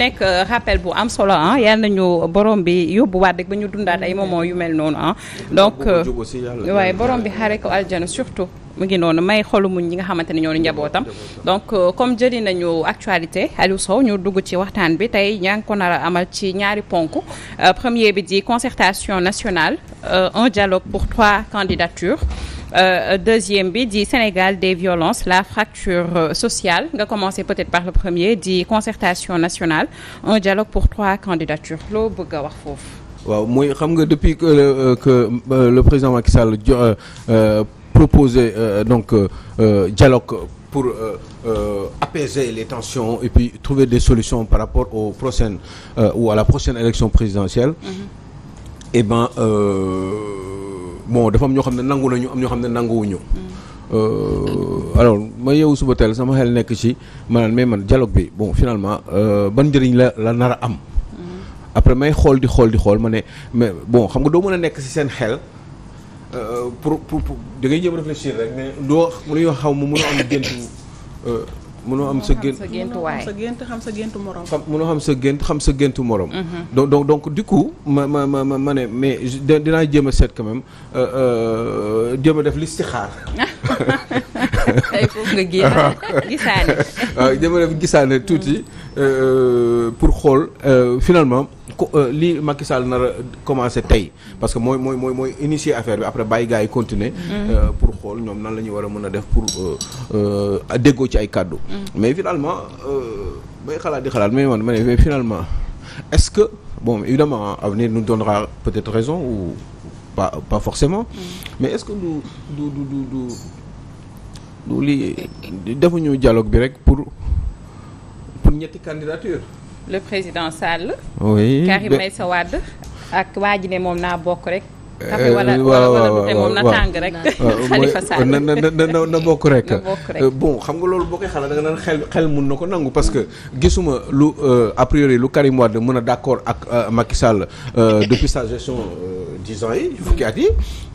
nekk euh, rappel bu am solo ah yal nañu borom bi yóbbuwaat rek ba ñu dundaat ay moment yu mel noonu ah donc euh, waaye borom bi xare ko aljana surtout mu ngi noonu may xolu muñ ñi nga xamante ne ñoonu njabootam donc euh, comme jëli nañu actualité Aliou Sow ñu dugg ci waxtaan bi tey ñaa ngi ko nar amal ci ñaari ponk euh, premier bi di concertation nationale euh, un dialogue pour trois candidatures Euh, deuxième bi di Sénégal des violences la fracture sociale nga commencé peut-être par le premier di concertation nationale un dialogue pour trois candidatures loo bëgg a wax foofu waaw mooy xam nga depuis que, que le président Macky Sall proposer euh, donc euh, euh dialogue pour euh, euh, apaiser les tensions et puis trouver des solutions par rapport au prochaines ou à la prochaine élection présidentielle. Mm-hmm. et eh ben bon dafa am ñoo xam ne nangu nañu am ñoo xam ne nanguwuñu. Mm-hmm. alors ma yeewu suba teel sama xel nekk ci maanaam mais man dialogue bi bon finalement ban njëriñ la la nar a am. Mm-hmm. après may xool di xool di xool ma ne mais bon xam nga doo mën a nekk ci seen xel. Euh, pour pour da ngay jëm réfléchir rek mais doo lu ñuy xaw ma mënoo am gént euh, mënoo am sa gént sa gént xam sa sa gént xam sa géntu morom mhm. donc donc donc ma ma ma ma ne mais dinaa jéem a seet quand même euh, jéem a def foofu nga génn gisaane waaw jéem a def gisaane tuuti pour xool finalement ko euh, li Macky Sall nar a commencé tey parce que mooy mooy mooy mooy initier affaire bi après bàyyi gars yi continuer mm-hmm. euh, pour xool ñoom nan la ñuy war a mën a def pour euh, déggoo ci ay kàddu mm-hmm. mais finalement bay xalaat di xalaat mais man ma ne mais finalement est-ce que bon évidemment avenir nu donnera peut-être raison ou pas pas forcément mm. mais est-ce que du du du du du du lii defuñu dialogue bi rek pour pour ñetti candidature le président Sall. oui may sa Wade ak waa ji ne moom naa bokk rek café wala wala wala bu moom na tàng rek. Khalifa Sall na na na na bokk rek. Euh, bon xam nga loolu boo koy xalaat da nga naan xel xel mun na ko nangu parce que gisuma lu euh, a priori lu Karim Wade mën a d'accord ak euh, Macky Sall depuis sa gestion dix ans yi fukki at yi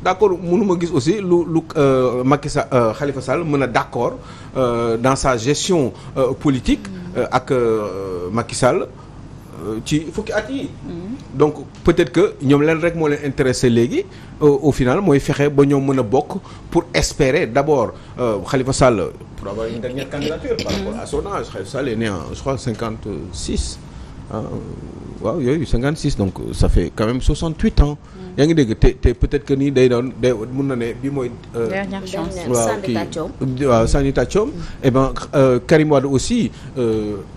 d'accord mënuma gis aussi lu lu Macky Sall Khalifa Sall mën a d'accord dans sa gestion politique mm. ak Macky Sall. Euh, ci fukki at yi mm-hmm. donc peut-être que ñoom leen rek moo leen intéressé léegi euh, au final mooy fexe ba ñoom mën a bokk pour espérer d'abord euh, Khalifa Sall pour avoir une dernière candidature par rapport à son âge né en je crois six waaw yooyu cinquante six donc ça fait quand même soixante huit ans mm-hmm. yaa ngi dégg te te peut-être que nii day doon day mun na ne bi mooy. dernière chance waaw kii waaw mm-hmm. eh aussi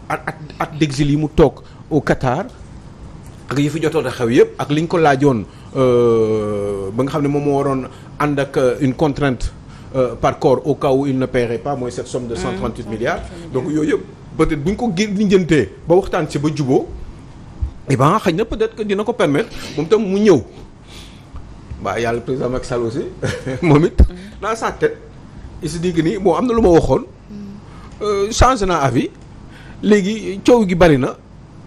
at at d'exil yi mu toog. au Qatar ak yi fi jotoon a xew yëpp ak li ñu ko laajoon euh, ba nga xam ne moom moo waroon ànd ak euh, une contrainte euh, par corps au cas où il ne paierait pas mooy cette somme de milliards donc yooyu yëpp peut-être bu ñu ko gën lijjantee ba waxtaan ci ba juboo et eh ben xëy na peut-être que dina ko permetre moom tam mu ñëw waaw yàlla président Macky Sall aussi moom it dans sa tête il se dit nii bon am na lu ma waxoon euh, changé na avis léegi coow gi bari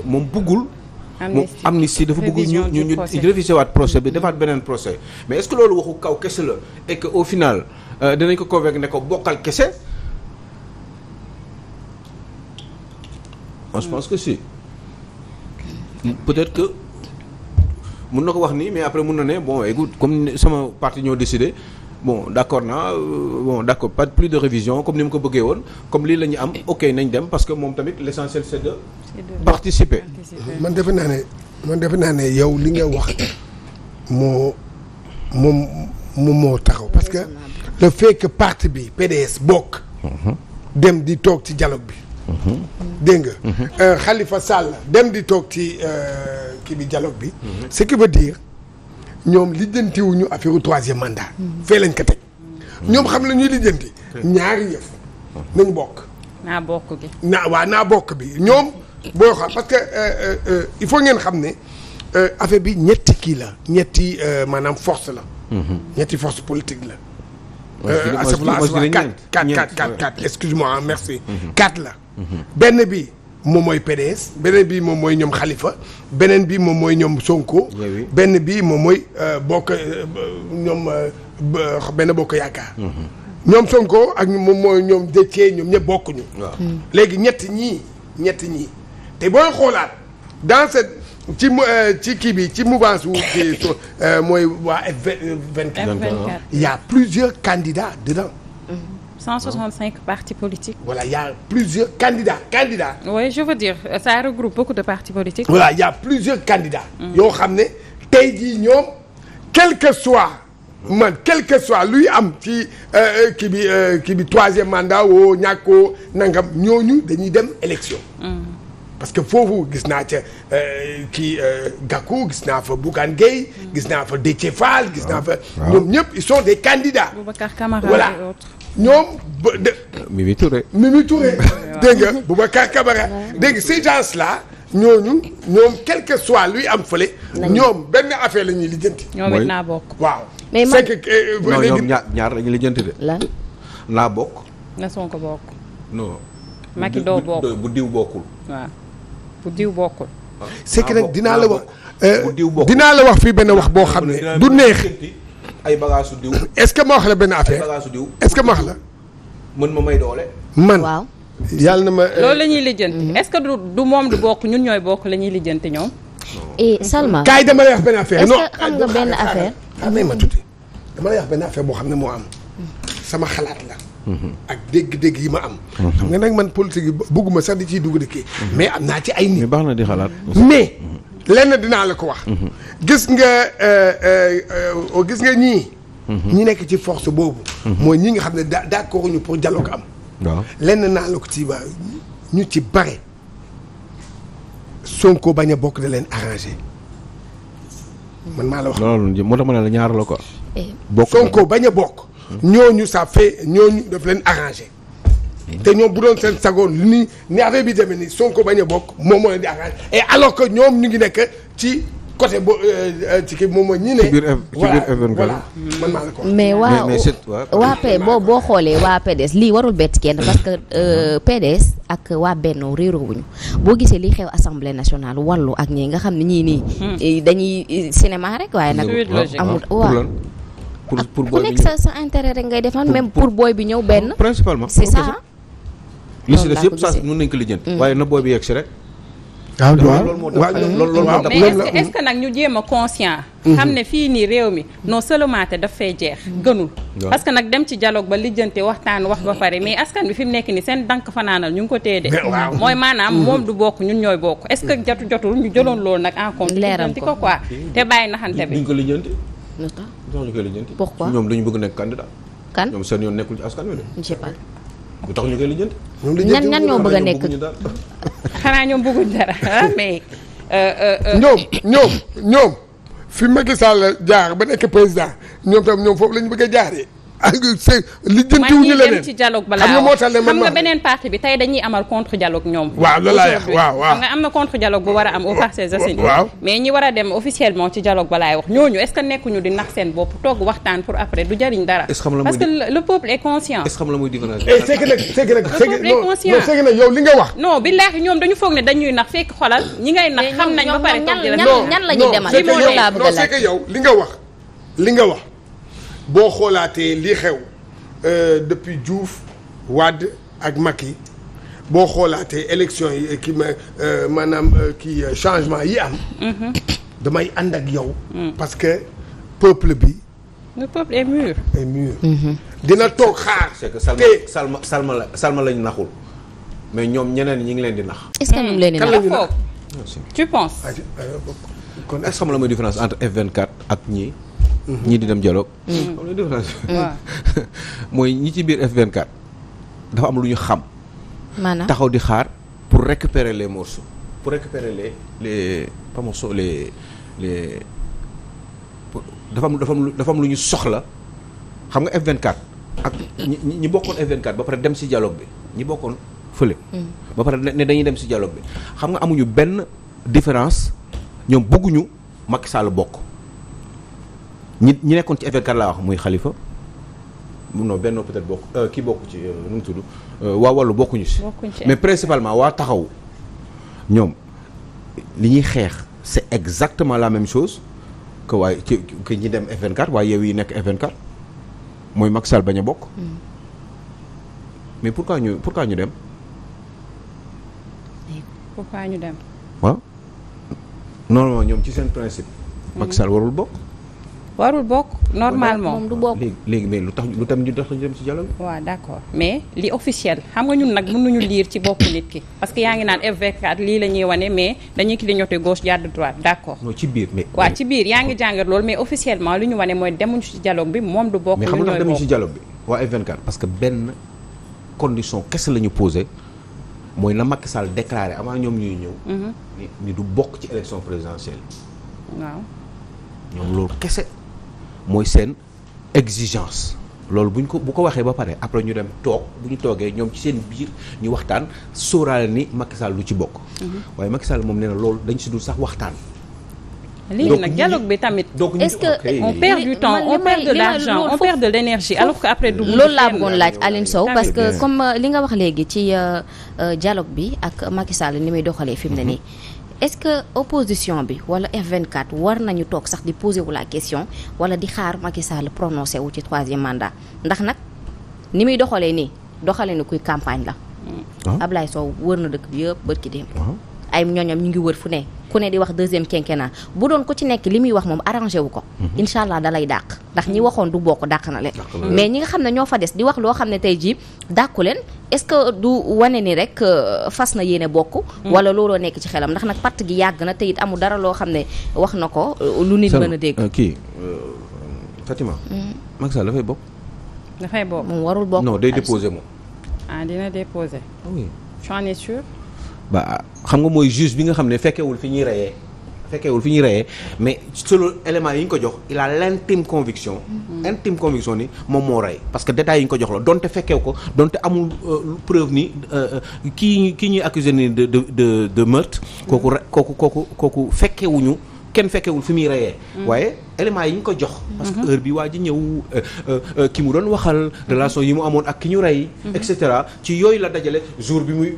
moom buggul. moom amnistie dafa bëgg ñu ñu ñu réviser waat procès bi defaat beneen procès mais est-ce que loolu waxu kaw kese la et que au final euh, dinañ ko convaincre ne ko bokkal kese. je pense si peut-être que mun na ko wax nii mais après mun na ne bon écoute comme sama parti ñoo décidé. bon d' accord naa euh, bon d' accord pas plus de révision comme ni mu ko bëggee woon comme lii la ñu am ok nañ dem que moom tamit l' essentiel c' participer man defe naa ne man defe naa ne yow li nga wax moo moom moo taxaw parce que le fait parti bi PDS bokk mhm. dem di toog ci dialogue bi mhm. dégg nga mhm. euh, Khalifa dem di toog ci euh, kii bi dialogue bi ce qui veut dire ñoom lijjanti wuñu affaire troisième mandat. fee lañ teg. ñoom xam la ñuy lijjanti. ñaari yëf nañ bokk. naa bokk bi. naa waaw naa bokk bi ñoom boo xam parce que euh, euh, euh, il faut ngeen xam ne affaire bi ñetti kii la ñetti maanaam force la. Mhm. ñetti force politique la. assemblée nationale quatre quatre quatre quatre excuse moi merci. Mhm. quatre la mhm. benn bi. moom mooy PDS beneen bi moom mooy ñoom Khalifa beneen bi moom mooy ñoom Sonko. benn bi moom mooy euh, bokk euh, ñoom euh, benn bokk yaakaar. Mhm. ñoom Sonko ak moom mooy ñoom Déthié ñoom ñëpp bokkuñu. Hmm. léegi ñett ñii ñetti ñii te booy xoolaat dans cette ci ci kii bi ci mouvance wu ci mooy waa F24. F24 il y a plusieurs candidats dedans. Hmm. 165 partis politiques. voilà y' a plusieurs candidats candidats. oui je veux dire ça regroupe beaucoup de partis politiques. voilà y' a plusieurs candidats. Mm. yoo xam ne tey jii ñoom quel que soit. man quel soit luy am ci euh, kii bi euh, kii bi troisième mandat woo ñàkkoo nangam ñooñu dañuy dem élection. Mm. parce que foofu gis naa ca euh, kii Gakou gis naa fa Bougane Gueye. Mm. gis naa fa Déthié Fall. gis ah, naa ah. ñëpp ils sont des candidats. Boubacar Camara et autres. ñoom ba de. Mimi Touré. Mimi Touré dégg nga Boubacar Camara dégg nga ces gens là ñooñu ñoom quel soit luy am fële. ñoom benn affaire la ñuy lijjanti. ñoom it naa bokk waaw. mais eh, ñaar la ñuy lijjanti de. lan naa bokk. na Sonko bu diw bokkul. waaw bu diw bokkul. c'est nag dinaa la wax. bu diw euh, dinaa la wax fii benn wax boo xam ne du neex. ay bagage su diw. est-ce que ma wax la benn affaire ay bagage su diw. est ma wax la. mën ma may doole. man waaw. yàlla na ma. Euh, loolu la ñuy lijjanti est-ce que du du moom du bokk ñun ñooy bokk la ñuy lijjanti ñoom. et eh, Salma. kaay dama lay wax benn affaire. non est xam nga benn affaire. xam nga ma tuuti dama lay xam ne moo am. sama xalaat la. ak dégg-dégg yi ma am. xam nga nag man politique yi bëgguma sax di ci dugg di kii. Mm-hmm. mais am naa ci ay nit. mais baax na di xalaat. mais. lenn dinaa la ko wax. Mhm. gis nga euh, euh, euh, gis nga ñii. Mhm. ñi nekk ci force boobu. Mhm. mooy ñi nga xam ne da d'accord ñu pour dialogue am. waaw lenn naa la ko ci waa ñu ci bare. Sonko bañ a bokk da leen arrangé man maa la wax. loolu moo tax ma ne la ñaar la eh. ko. Sonko bañ a bokk. ñooñu ça fait ñooñu daf leen arrangé. te ñoom bu doon seen sagoon ni ni affaire bi demee nii Sonko bañ a bokk moom moo leen di arrangé et alors que ñoom ñu ngi nekk ci côté bo euh, euh, ci mais waa waa P boo boo xoolee waa PDS lii warul bett kenn parce que euh, PDS ak waa Benno réeroo wuñu boo gisee li xew assemblée nationale wallu ak ñi nga xam ne ñii nii. Hmm. Eh, dañuy eh, cinéma rek waaye nag. amul waaw. pour pour booy bi sa sa rek ngay défendre même pour booy bi ñëw benn. principalement c'est ça. li si des yëpp saa mën nañ ko lijjanti. Mm. waaye na booy bi yegg si rek. Ah, waaw waaw mais est nag ñu jéem a conscient. Mm-hmm. xam ne fii nii réew mi noo seulement te daf fay jeex gënul. parce que nag dem ci dialogue ba lijjante waxtaan wax ba pare mais askan bi fi mu nekk nii seen dank fanaanal ñu ngi ko téye de. mooy maanaam mm-hmm. moom du bokk ñun ñooy bokk. est que jotu jotul ñu jëloon loolu nag en compte. leeral ko quoi mm-hmm. te bàyyi naxante bi. duñ ko lijjanti. lu tax ñu koy lijjanti. pourquoi ñoom dañu bëgg nekk candidat. kan bu tax ñu koy lijjanti. ñan ñan ñoo bëgg a nekk xanaa ñoom bëgguñ dara ah, mais. Euh, euh, euh, ñoom ñoom ñoom fi Macky Sall jaar ba nekk président ñoom tam ñoom foofu lañu bëgg a jaaree. c'est li jëntiwuñu leneen ci dialogue balaa xam nga moo tax bi tey dañuy amal contre dialogue ñoom waaw loolu laa wax waaw waaw xam na contre dialogue bu war a am au ñi war a dem officiellement ci dialogue balaay wax ñooñu est ce que nekkuñu di nax seen bopp toog waxtaan pour après du jariñ dara parce que le peuple est conscient est ce que xam la muy différence eh, c'est que nag c'est que nag le li nga wax non billaahi ñoom dañu foog ne dañuy nax fekk xolal ñi ngay nax xam nañ ba pare ñan la ñuy demal non c'est que yow li nga wax li nga wax boo xoolaatee li xew euh, depuis Diouf Wade ak Macky boo xoolaatee élection yi ki ma euh, maanaam euh, kii changement yi am. Mhm. damay ànd ak yow. Mm. parce que peuple bi. le peuple est mûr. est mûr. Mhm. dina toog xaar. c'est que Salma Salma la Salma lañ naxul mais ñoom ñeneen ñi ngi leen di nax. est-ce que ñu ngi leen di nax tu penses. Ah, kon est-ce que xam la mooy différence entre F24 ak ñii. Mm-hmm. ñii di dem mm-hmm. dialogue. Mm-hmm. mooy ñi ci biir F24 dafa am lu ñu xam. maanaam taxaw di xaar pour récupérer les morceaux pour récupérer les les pas morceaux dafa am dafa am dafa lu ñu soxla xam nga F24 ak ñi ñi bokkoon f ba pare dem si dialogue bi ñi bokkoon fële. ba pare ne dañuy dem si dialogue bi xam nga amuñu benn différence ñoom bëgguñu Macky Sall bokk. ñi ñi nekkoon ci F24 laa wax muy Khalifa non benn peut-être bokk euh, kii bokk ci euh, nu mu tudd euh, waa wàllu bokkuñu si. mais principalement waa taxaw ñoom li ñuy xeex c'est exactement la même chose que waaye ci que ñi dem F24 waaye yow yi nekk F24 mooy Macky Sall bañ a bokk. Mm. mais pourquoi ñu pourquoi ñu dem. pourquoi ñoom ci seen principe. Mm. Macky Sall warul bokk. warul bokk normalement moom du bokk léegi mais lu tax lu tam ñu tax ñu dem ci waaw d'accord mais li officiel xam nga ñun nag mënuñu liir ci bopp nit ki parce que yaa ngi naan F24 lii la ñuy wane mais dañuy clignoter gauche jàdd droite d'accord. non ci biir mais. yaa ngi jàngat loolu mais officiellement lu ñu wane mooy demuñu ci dialogue bi moom du bokk. mais xam nga demuñu ci dialogue bi waa F24. parce que benn condition kese la ñu mooy na mooy seen exigence loolu bu ñu ko bu ko waxee ba pare après ñu dem toog bu ñu toogee ñoom ci seen biir ñu waxtaan sóoraale ni Macky Sall lu ci bokk. Mhm. waaye Macky moom nee na loolu dañu si dul sax waxtaan. léegi nag dialogue bi tamit est-ce que on temps on perd de l'argent après du loolu laa bëggoon laaj Aline Sow parce que comme euh, li nga wax léegi ci euh, euh, dialogue bi ak Macky Sall ni muy doxalee fim ne nii mhm. est-ce que opposition bi wala F24 war nañu toog sax di poser la question wala di xaar Macky Sall prononcé wu ci troisième mandat ndax nag ni muy doxalee nii doxalee ni kuy campagne la. Ah. Ablaye Sow wër na dëkk bi yëpp bët ki dem. ay ñooñam ñu ngi wër fu ne ku ne di wax deuxième quinquennat bu doon ko ci nekk li muy wax moom arrangé wu ko mhm. incha allah dàq ndax ñi waxoon du bokk dàq na leen mais ñi nga xam ne ñoo fa des di wax loo xam ne tey jii dàqu leen est-ce que du wane ni rek euh, fas na yéene bokk mhm. wala looloo nekk ci xelam ndax nag parti gi yàgg na te amul dara loo xam ne wax na ko euh, lu nit mën a dégg euh, kii Fatima mhm. Macky Sall dafay bokk dafay bokk moom warul bokk non day déposé moom ah dina déposé ah oui tu en es ba xam nga mooy juge bi nga xam ne fekkewul fi ñuy reyee fekkeewul fi ñuy reyee mais selon éléments yi ñu ko jox il a l'intime conviction mm-hmm. intime conviction ni moom moo rey parce que détails yi ñu ko jox la donte fekkeew ko donte amul euh, preuve ni euh, euh, kii kii ñuy accusé ni de de de meurtre kooku mm-hmm. kooku kooku kooku fekkewuñu kenn fekkewul fi muy reyee mm-hmm. waaye éléments yi ñu ko jox. parce que mhm. heure bi waa ji ñëw euh, euh, euh, ki mu doon waxal relation yi mu amoon ak ki ñu rey. Mhm. et cetera ci yooyu la dajale jour bi muy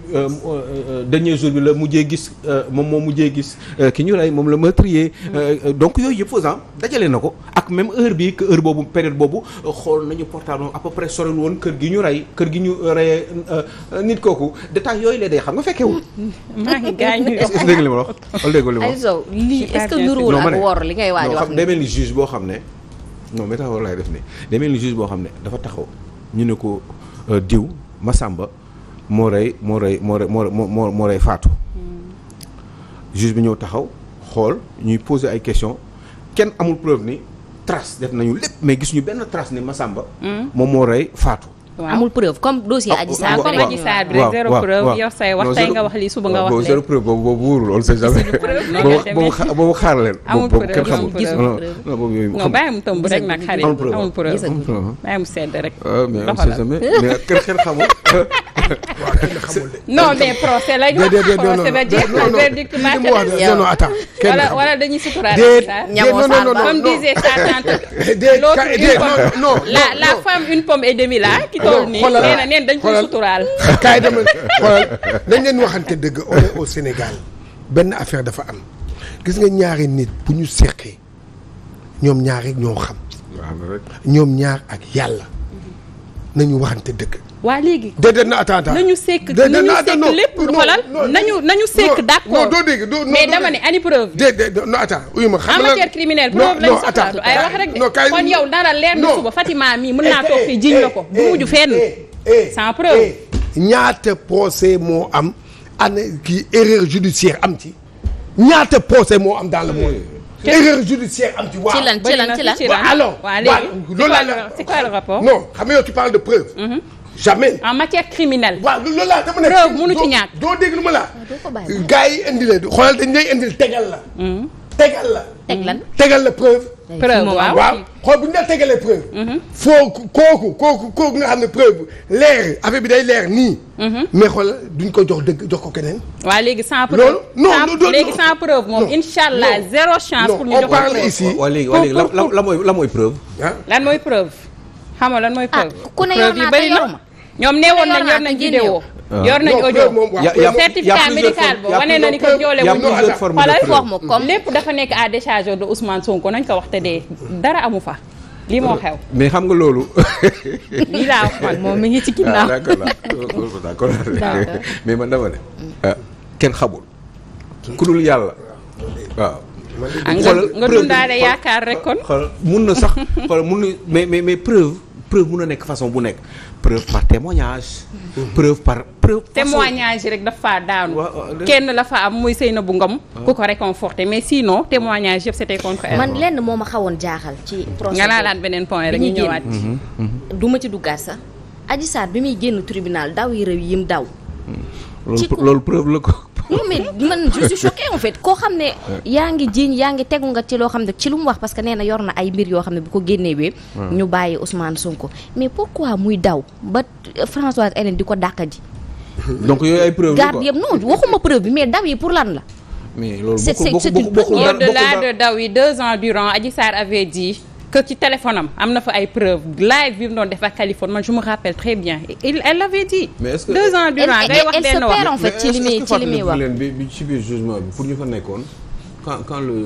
dernier jour bi la mujjee gis moom moom mujjee gis ki ñu rey moom la meurtrier. Mhm. donc yooyu yëpp faisant dajale na ko ak même heure bi que heure boobu période boobu xool nañu portable à peu près soril woon kër gi ñu rey kër gi ñu reyee nit kooku détail yooyu la day xam nga fekkewul. maa ngi gaañu est est juge boo xam ne non métaphore laay def ni day mel ni juge boo xam ne dafa taxaw ñu ne ko euh, diw Masamba moo rey moo rey moo rey moo moo rey faatu hmm. juge bi ñëw taxaw xool ñuy poser ay questions kenn amul preuve ni trace def nañu lépp mais gisuñu benn trace ni Masamba hmm. moom moo rey faatu amul preuve comme dossier ah, Adji Sarr comme Adji Sarr bi rek zéro preuve yow say wax tey nga wax lii suba nga wax lee zéro preuve boobu boobu wóorul loolu c'est jamais boobu boobu xaar leen amul preuve kenn xamul non boobu yooyu non bàyyi mu tëmb rek nag xarit amul preuve amul preuve bàyyi mu sedd rek euh, mais on sait jamais mais kenn xamul non mais procès lañu wax. procès ba jeex na verdict ba non non attends. dañuy suturaat ça. ñamoo Samba comme disait la la une pomme et demi là ki toll nii nee na dañ koy suturaal. kaay dama xoolal nañ waxante dëgg on au Sénégal benn affaire dafa am gis nga ñaari nit bu ñu seqee ñoom ñaar rek ñoo xam. ñoom ñaar ak yàlla mhm. nañu waxante dëgg. waa léegi. de na attends attends nañu sekk nañu sekk lépp xoolal nañu nañu sekk d'accord doo dégg doo mais dama ne ma xam nga en matière criminelle preuve lañu soxla du ay wax de kon yow dara leer na suba Fatima mii mën eh, naa toog eh, fii jiñ la ko du eh, mujj fenn sans preuve ñaata procès moo am ana kii erreur judiciaire am ci ñaata procès moo am dans le monde erreur judiciaire am ci waaw ci la c'est quoi le rapport xam nga yow tu parles de preuve mm-hmm. jamais. en matière criminelle. waaw loolu laa dama nekk preuve mënu ci ñàkk doo dégg lu ma laa. Ah, gars yi indi la xoolal dañ lay indil tegal la. Hmm. tegal la. teg lan hmm. tegal la preuve. preuve waaw waaw xool bu ñu la tegalee preuve. Hmm. foo kooku kooku kooku nga xam ne preuve leer affaire bi day leer nii. mais xool duñ ko jox dëgg jox ko keneen. waaw léegi san preuve loolu non non léegi sans preuve moom incha allah zéro chance. pour ñu jox ko preuve non on parle ici. waaw léegi la la mooy preuve. Ah. lan mooy preuve. xam nga lan mooy ah, preuve. ku ne yor naa te yoruma ñoom ne woon nañ ah. yor nañ vidéo yor nañ audio certificat médical boobu wane na ni ma comme de Ousmane Sonko nañ ko wax te dee dara amu fa lii moo xew mais xam nga loolu. lii laa wax man moom mi ngi ci ginnaaw ah, d'accord mais man dama ne. kenn xamul. ku dul yàlla waaw. nga dundaale yaakaar rek kon. mun na sax xool mun na mais preuve. preuve mun a nekk façon bu nekk preuve par témoignage. Mhm. preuve par preuve. témoignage rek dafa daanu. kenn la fa am muy Seynabou Ngom. Ah. ku ko réconforté mais sinon témoignage yëpp c'était contre elle. man lenn moo ma xawoon jaaxal ci. procès nga laalaat beneen point rek ñu ñëwaat ci. Mhm, mhm. du ma ci duggaat sax. Adji Sarr bi muy génn tribunal daw yi réew yi daw. Hmm. loolu preuve la ko. non mais man je koo xam ne yaa ngi jiiñ yaa ngi tegu nga ci loo xam ne ci lu mu wax parce que nee na yor na ay mbir yoo xam ne bu ko génnee wee ñu bàyyi Ousmane Sonko mais pourquoi muy daw ba Françoise Hélène di ko dàqa ji donc yooyu ay preuve garde yëpp non waxuma preuve bi mais daw yi pour lan la mais loolu c'est c'est une première au-delà de daw yi deux ans durant Adji Sarr avait dit que ci téléphone am am na fa ay preuves live bi doon def ak man je rappelle très bien il elle dit. mais est-ce que deux ans durant ngay wax bi bi ci biir jugement pour ñu fa nekkoon quand quand le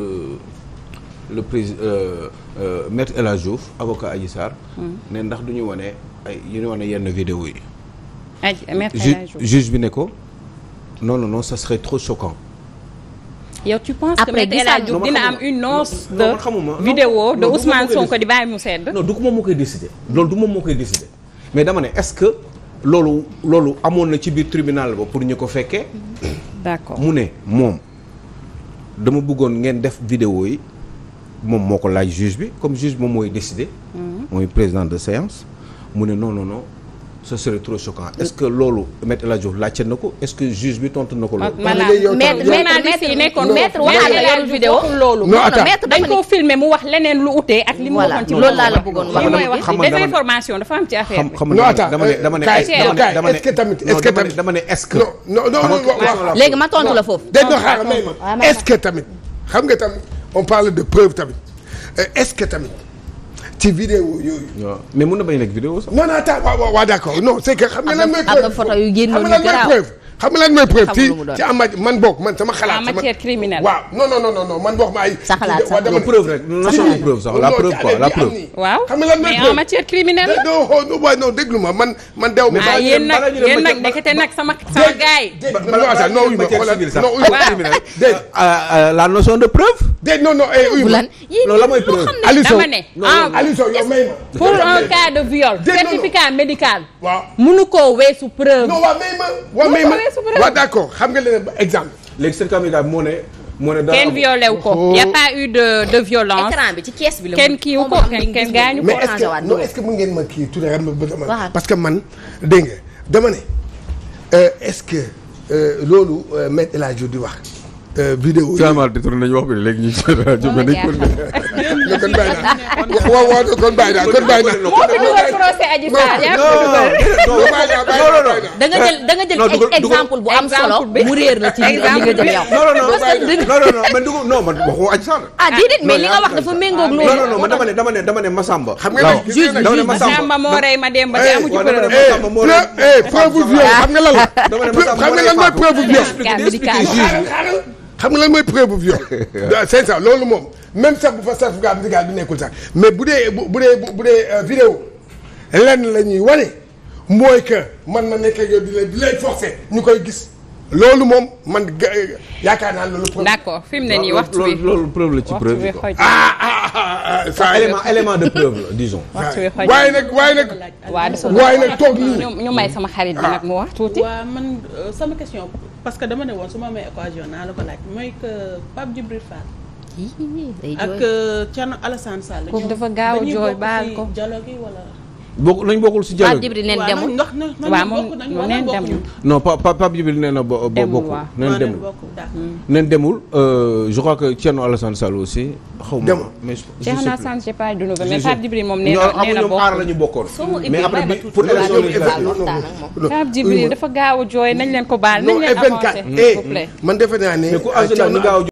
le président euh, euh, maître El Hadj Diouf avocat Adji Sarr. Hmm. ndax du ñu wane ay yu ñu yenn vidéo yi. Adji maître El Hadj Diouf juge bi ne ko non non non ça serait trop choquant. yow tu penses que Maître El Hadj Diouf dina am une once de vidéo de Ousmane Sonko di bàyyi mu sedd non du ko moom moo koy décider loolu du mais dama ne est-ce que loolu loolu amoon na ci biir tribunal ba pour ñu ko fekkee d'accord mu ne moom dama bëggoon ngeen def vidéo yi moom moo ko laaj juge bi comme juge moom mooy décider mm-hmm. mooy président de séance mu ne non non non ce serait trop choquant est-ce que loolu Maître El Hadj Diouf laajte ko est-ce bi tontu na ko loolu. maanaam maître yi nekkoon maître waxal la loolu. non dañ koo filmer mu wax leneen lu utee ak li mu waxoon ci loolu laa la bëggoon wax. mooy wax désinformation dafa xam dama tamit dama ne est léegi ma tontu la foofu. dégg tamit xam nga tamit on parle de preuve tamit eh, est tamit. ci vidéo yooyu. waaw mais mun na bañ a nekk vidéo sax. non non attends waaw waaw d' accord non c' est que xam nga xam nga lan mooy preuve ci ci am man boog man sama xalaat. sama matière criminelle waaw non non non non man boo xam ay. sa xalaat sa preuve rek non preuve sax la preuve quoi la preuve. waaw mais en matière criminelle la. non oh, waaye non déglu ma man man dew. mais ah yéen nag yéen nag ndekete nag sama sama gars yi. non non ah. euh, euh, euh, la notion de preuve. déet non non eh uyu ma. loolu la mooy preuve Alisson ah, Alisson yow may ma. pour un cas de viol. certificat médical. waaw mënu koo weesu preuve. non waaw may ma waaw may ma. waaw d'accord xam nga leneen exemple. léegi seen candidat moo ne. moo ne dara kenn violé ko. y a pas eu de de violence. écran bi ci kees bi la kenn kii wu ko kenn kenn gaañu ko. mais est que a parce que man dégg nga dama ne euh, est-ce que euh, loolu euh, maître El Hadj di wax. vidéo yi Thiamar détourné nañu wax bi léegi ñu. kon bàyyi naa waaw waaw kon bàyyi naa kon bàyyi naa. moo fi dugal procès da nga jël da nga jël exemple bu am solo mu réer la ci li nga jël yow. non ah, non li nga wax dafa méngoog loolu. moo loolu moom même sax bu fa certificat médical bi nekkul sax mais bu dee bu dee bu dee euh, vidéo lenn la ñuy wane mooy que man ma nekkee yow di leen di leen forcé ñu koy gis loolu moom man euh, yaakaar naa loolu. problème d'accord fi mu ne nii waxtu bi loolu preuve la ci preuve bi ah ah, ah ah ah ça élément élément de preuve la disons. waxtu bi xoj waaye nag waaye nag. waaye nag toog nii ñu may sama xarit bi nag mu wax tuuti. waaw man euh, sama question parce que dama ne woon su ma amee occasion naa la ko laaj mooy que Pape Djibril Fall. day jooy ak euh, Thierno Alassane Sall. kooku dafa gaaw a jooy baal ko dialogue yi wala. bokk nañ bokkul si dialogue bi neen demul waaw moom neen demul non pa pa Pape Djibril nee na bo bokkul hmm. neen demul neen euh, demul je crois que Thierno Alassane Sall aussi xaw ma mais Thierno de nouvelle moom nee na nee na bokkul aar la ñu bokkoon mais après bi pour élection législative Pape Djibril dafa gaaw a jooy nañ leen ko baal nañ leen avancer eh, man defe naa ne